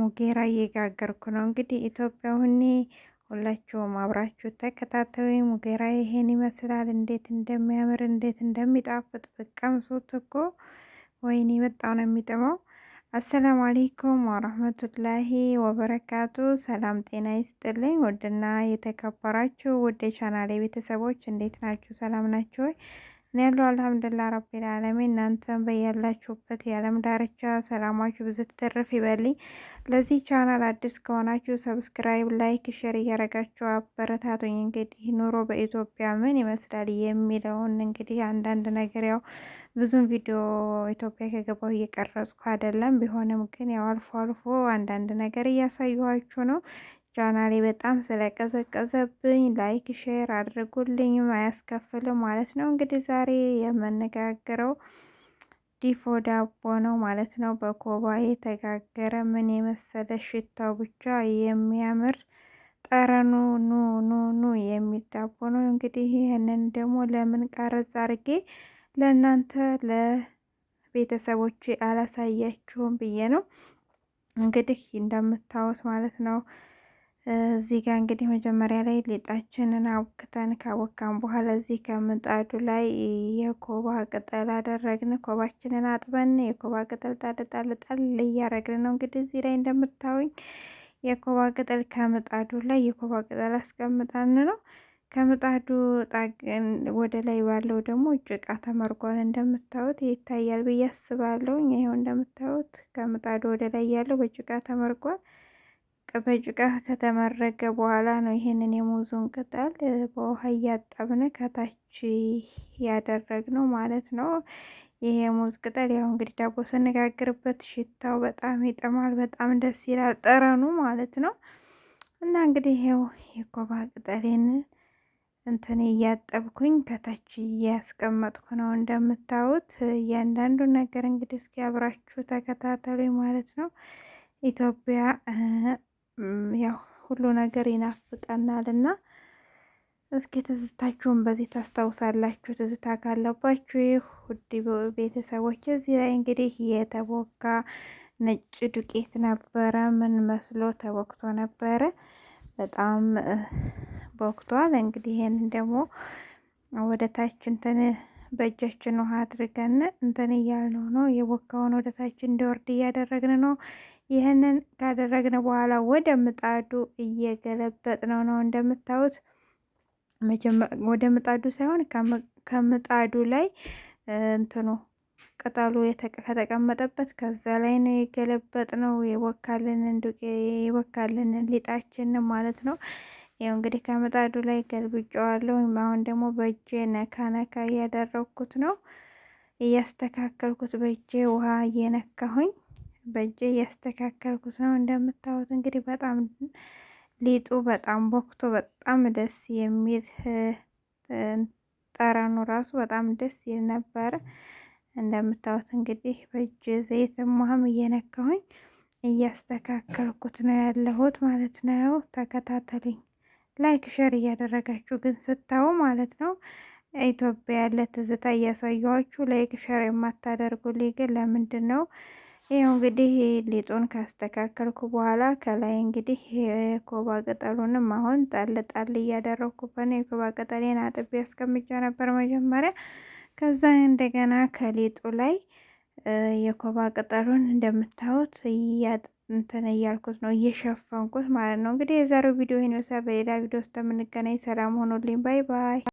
ሙጌራ እየጋገርኩ ነው። እንግዲህ ኢትዮጵያ ሁኔ ሁላችሁም አብራችሁ ተከታተዊ። ሙጌራ ይሄን ይመስላል። እንዴት እንደሚያምር እንዴት እንደሚጣፍጥ በቀምሱት እኮ ወይኔ በጣም ነው የሚጥመው። አሰላሙ አሌይኩም ወረህመቱላሂ ወበረካቱ። ሰላም ጤና ይስጥልኝ። ውድና የተከበራችሁ ውድ ቻናሌ ቤተሰቦች እንዴት ናችሁ? ሰላም ናችሁ ወይ? እኔ ያለው አልሐምዱሊላህ ረቢል ዓለሚን። እናንተም በያላችሁበት የዓለም ዳርቻ ሰላማችሁ ብዙ ትተርፍ ይበልኝ። ለዚህ ቻናል አዲስ ከሆናችሁ ሰብስክራይብ፣ ላይክ፣ ሼር እያደረጋችሁ አበረታቱኝ። እንግዲህ ኑሮ በኢትዮጵያ ምን ይመስላል የሚለውን እንግዲህ አንዳንድ ነገር ያው ብዙም ቪዲዮ ኢትዮጵያ ከገባሁ እየቀረጽኩ አይደለም። ቢሆንም ግን ያው አልፎ አልፎ አንዳንድ ነገር እያሳየኋችሁ ነው። ቻናሌ በጣም ስለቀዘቀዘብኝ ላይክ ሼር አድርጉልኝ፣ አያስከፍልም ማለት ነው። እንግዲህ ዛሬ የምነጋገረው ዲፎ ዳቦ ነው ማለት ነው። በኮባ የተጋገረ ምን የመሰለ ሽታው ብቻ የሚያምር ጠረኑ ኑ ኑ ኑ የሚል ዳቦ ነው። እንግዲህ ይህንን ደግሞ ለምን ቀረጽ አድርጌ ለእናንተ ለቤተሰቦች አላሳያችሁም ብዬ ነው። እንግዲህ እንደምታዩት ማለት ነው እዚህ ጋር እንግዲህ መጀመሪያ ላይ ሊጣችንን አቡክተን ካቦካን በኋላ እዚህ ከምጣዱ ላይ የኮባ ቅጠል አደረግን። ኮባችንን አጥበን የኮባ ቅጠል ጣልጣልጣል እያረግን ነው እንግዲህ እዚህ ላይ እንደምታዩኝ የኮባ ቅጠል ከምጣዱ ላይ የኮባ ቅጠል አስቀምጠን ነው። ከምጣዱ ወደ ላይ ባለው ደግሞ ጭቃ ተመርጓል እንደምታዩት ይታያል ብዬ አስባለሁ። ይኸው እንደምታዩት ከምጣዱ ወደ ላይ ያለው በጭቃ ተመርጓል። በጭቃ ከተመረገ በኋላ ነው ይህንን የሙዙን ቅጠል በውሃ እያጣብን ከታች ያደረግነው ማለት ነው። ይሄ የሙዝ ቅጠል ያው እንግዲህ ዳቦ ስነጋግርበት ሽታው በጣም ይጥማል፣ በጣም ደስ ይላል ጠረኑ ማለት ነው። እና እንግዲህ ይሄው የኮባ ቅጠሌን እንትን እያጠብኩኝ ከታች እያስቀመጥኩ ነው እንደምታዩት። እያንዳንዱ ነገር እንግዲህ እስኪ አብራችሁ ተከታተሉኝ ማለት ነው ኢትዮጵያ ያው ሁሉ ነገር ይናፍቀናል እና እስኪ ትዝታችሁን በዚህ ታስታውሳላችሁ። ትዝታ ካለባችሁ ውድ ቤተሰቦች እዚህ ላይ እንግዲህ የተቦካ ነጭ ዱቄት ነበረ። ምን መስሎ ተቦክቶ ነበረ። በጣም ቦክቷል። እንግዲህ ይህንን ደግሞ ወደ ታች እንትን በእጃችን ውሃ አድርገን እንትን እያልነው ነው የቦካውን ወደ ታች እንዲወርድ እያደረግን ነው። ይህንን ካደረግን በኋላ ወደ ምጣዱ እየገለበጥ ነው ነው እንደምታዩት ወደ ምጣዱ ሳይሆን ከምጣዱ ላይ እንትኑ ቅጠሉ ከተቀመጠበት ከዛ ላይ ነው የገለበጥ ነው የወካልንን ዱቄ የወካልንን ሊጣችን ማለት ነው። ይኸው እንግዲህ ከምጣዱ ላይ ገልብጨዋለሁ። አሁን ደግሞ በእጄ ነካ ነካ እያደረግኩት ነው እያስተካከልኩት በእጄ ውሃ እየነካሁኝ በእጄ እያስተካከልኩት ነው። እንደምታዩት እንግዲህ በጣም ሊጡ በጣም ቦክቶ በጣም ደስ የሚል ጠረኑ ራሱ በጣም ደስ ይል ነበረ። እንደምታዩት እንግዲህ በእጅ ዘይት ሙሃም እየነካሁኝ እያስተካከልኩት ነው ያለሁት ማለት ነው። ተከታተሉኝ። ላይክ ሸር እያደረጋችሁ ግን ስታዩ ማለት ነው ኢትዮጵያ ያለ ትዝታ እያሳየኋችሁ ላይክ ሸር የማታደርጉልኝ ግን ለምንድን ነው? ይህ እንግዲህ ሊጡን ካስተካከልኩ በኋላ ከላይ እንግዲህ የኮባ ቅጠሉንም አሁን ጣል ጣል እያደረግኩበት የኮባ ቅጠሌን አጥቤ አስቀምጬ ነበር መጀመሪያ። ከዛ እንደገና ከሊጡ ላይ የኮባ ቅጠሉን እንደምታዩት እንትን እያልኩት ነው እየሸፈንኩት ማለት ነው። እንግዲህ የዛሬው ቪዲዮ ይህን ይመስላል። በሌላ ቪዲዮ ውስጥ የምንገናኝ ሰላም ሆኖልኝ፣ ባይ ባይ።